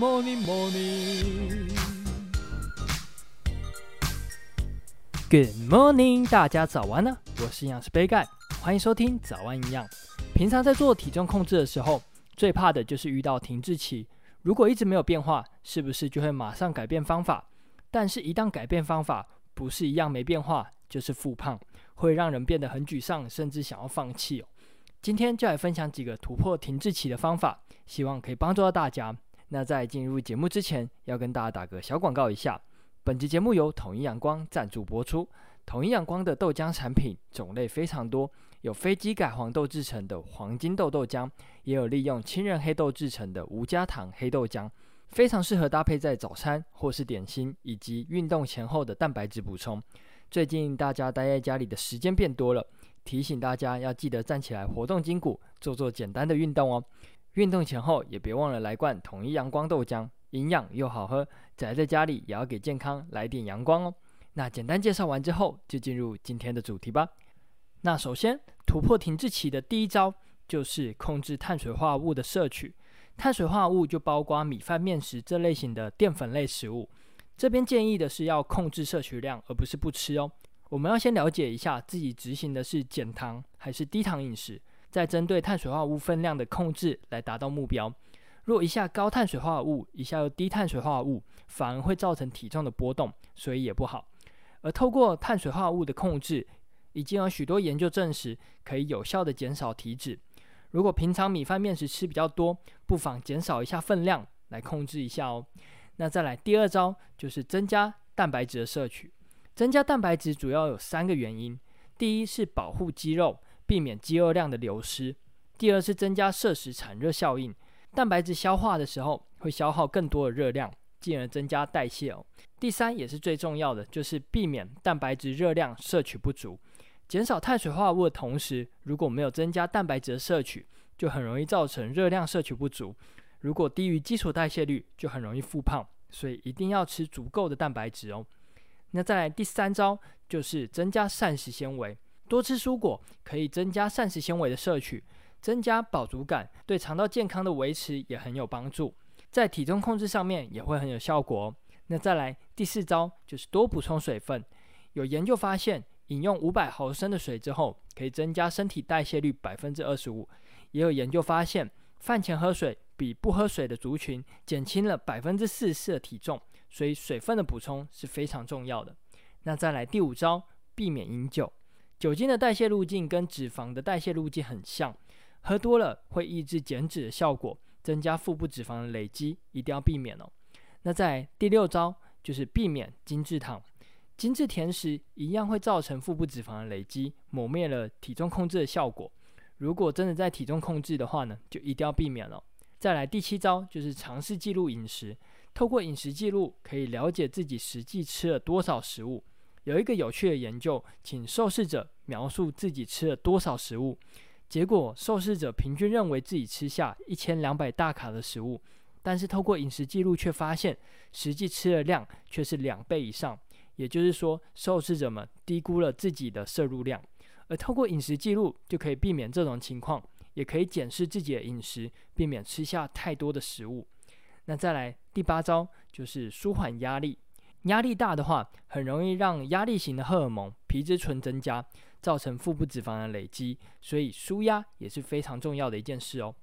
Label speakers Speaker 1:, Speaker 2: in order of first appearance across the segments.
Speaker 1: Good morning, morning. Good morning，大家早安呢、啊！我是營養師杯蓋，歡迎收聽早安營養。平常在做體重控制的時候，最怕的就是遇到停滯期。如果一直沒有變化，是不是就會馬上改變方法？但是，一旦改變方法，不是一樣沒變化，就是復胖，會讓人變得很沮喪，甚至想要放棄、哦。今天就來分享幾個突破停滯期的方法，希望可以幫助到大家。那在進入節目之前，要跟大家打個小廣告一下。本集節目由統一陽光贊助播出。統一陽光的豆漿產品種類非常多，有非基改黃豆製成的黃金豆豆漿，也有利用青仁黑豆製成的無加糖黑豆漿，非常適合搭配在早餐或是點心、以及運動前後的蛋白質補充。最近大家待在家裡的時間變多了，提醒大家要記得站起來活動筋骨，做做簡單的運動哦。運動前後也別忘了來罐統一陽光豆漿，營養又好喝。宅在家裡也要給健康來點陽光哦。那簡單介紹完之後，就進入今天的主題吧。那首先突破停滯期的第一招就是控制碳水化合物的攝取，碳水化合物就包括米飯、麵食這類型的澱粉類食物。這邊建議的是要控制攝取量，而不是不吃哦。我們要先了解一下自己執行的是減糖還是低糖飲食。在針對碳水化合物分量的控制來達到目標。若一下高碳水化合物，一下又低碳水化合物，反而會造成體重的波動，所以也不好。而透過碳水化合物的控制，已經有許多研究證實可以有效地減少體脂。如果平常米飯、麵食吃比較多，不妨減少一下分量來控制一下哦。那再來第二招，就是增加蛋白質的攝取。增加蛋白質主要有三個原因：第一是保護肌肉。避免肌肉量的流失。第二是增加攝食產熱效應，蛋白質消化的時候會消耗更多的熱量，進而增加代謝哦。第三也是最重要的，就是避免蛋白質熱量攝取不足。減少碳水化合物的同時，如果沒有增加蛋白質的攝取，就很容易造成熱量攝取不足。如果低於基礎代謝率，就很容易復胖。所以一定要吃足夠的蛋白質哦。那再來第三招，就是增加膳食纖維。多吃蔬果可以增加膳食纖維的攝取，增加飽足感，對腸道健康的維持也很有幫助，在體重控制上面也會很有效果。那再來第四招就是多補充水分。有研究發現，飲用五百毫升的水之後，可以增加身體代謝率百分之二十五。也有研究發現，飯前喝水比不喝水的族群減輕了百分之四十四的體重，所以水分的補充是非常重要的。那再來第五招，避免飲酒。酒精的代謝路徑跟脂肪的代謝路徑很像，喝多了會抑制減脂的效果，增加腹部脂肪的累積，一定要避免哦。那在第六招就是避免精致糖，精致甜食一樣會造成腹部脂肪的累積，抹滅了體重控制的效果。如果真的在體重控制的話呢，就一定要避免了哦。再來第七招就是嘗試記錄飲食，透過飲食記錄可以了解自己實際吃了多少食物。有一個有趣的研究，請受試者描述自己吃了多少食物，結果受試者平均認為自己吃下一千兩百大卡的食物，但是透過飲食記錄卻發現，實際吃的量卻是兩倍以上。也就是說，受試者們低估了自己的攝入量，而透過飲食記錄就可以避免這種情況，也可以檢視自己的飲食，避免吃下太多的食物。那再來第八招就是舒緩壓力。壓力大的話，很容易讓壓力型的荷爾蒙皮質醇增加，造成腹部脂肪的累積，所以舒壓也是非常重要的一件事哦。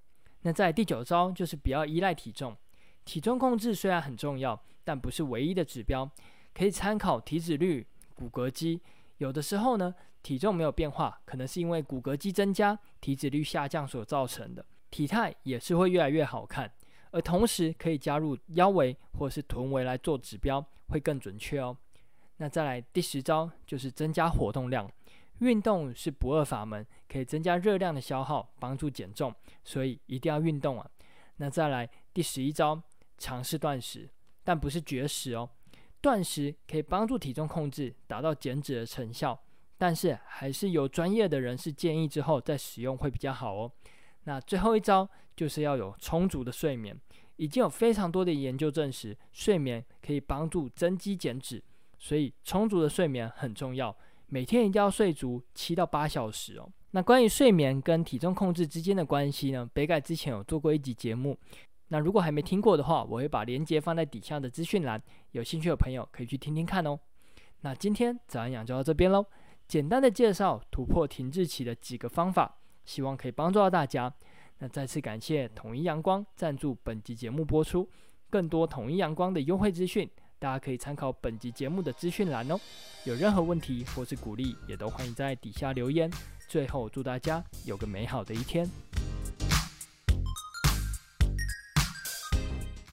Speaker 1: 那在第九招就是不要依賴體重，體重控制雖然很重要，但不是唯一的指標，可以參考體脂率、骨骼肌。有的時候呢，體重沒有變化，可能是因為骨骼肌增加、體脂率下降所造成的，體態也是會越來越好看。而同時可以加入腰圍或是臀圍來做指標，會更準確哦。那再來第十招就是增加活動量，運動是不二法門，可以增加熱量的消耗，幫助減重，所以一定要運動啊。那再來第十一招，嘗試斷食，但不是絕食哦。斷食可以幫助體重控制，達到減脂的成效，但是還是有專業的人士建議之後再使用會比較好哦。那最後一招就是要有充足的睡眠。已經有非常多的研究證實，睡眠可以幫助增肌減脂，所以充足的睡眠很重要，每天一定要睡足七到八小時哦。那關於睡眠跟體重控制之間的關係呢？杯蓋之前有做過一集節目，那如果還沒聽過的話，我會把鏈接放在底下的資訊欄，有興趣的朋友可以去聽聽看哦。那今天早安營養就到這邊嘍，簡單的介紹突破停滯期的幾個方法，希望可以幫助到大家。那再次感謝統一陽光贊助本集節目播出，更多統一陽光的優惠資訊，大家可以參考本集節目的資訊欄哦。有任何問題或是鼓勵，也都歡迎在底下留言。最後，祝大家有個美好的一天。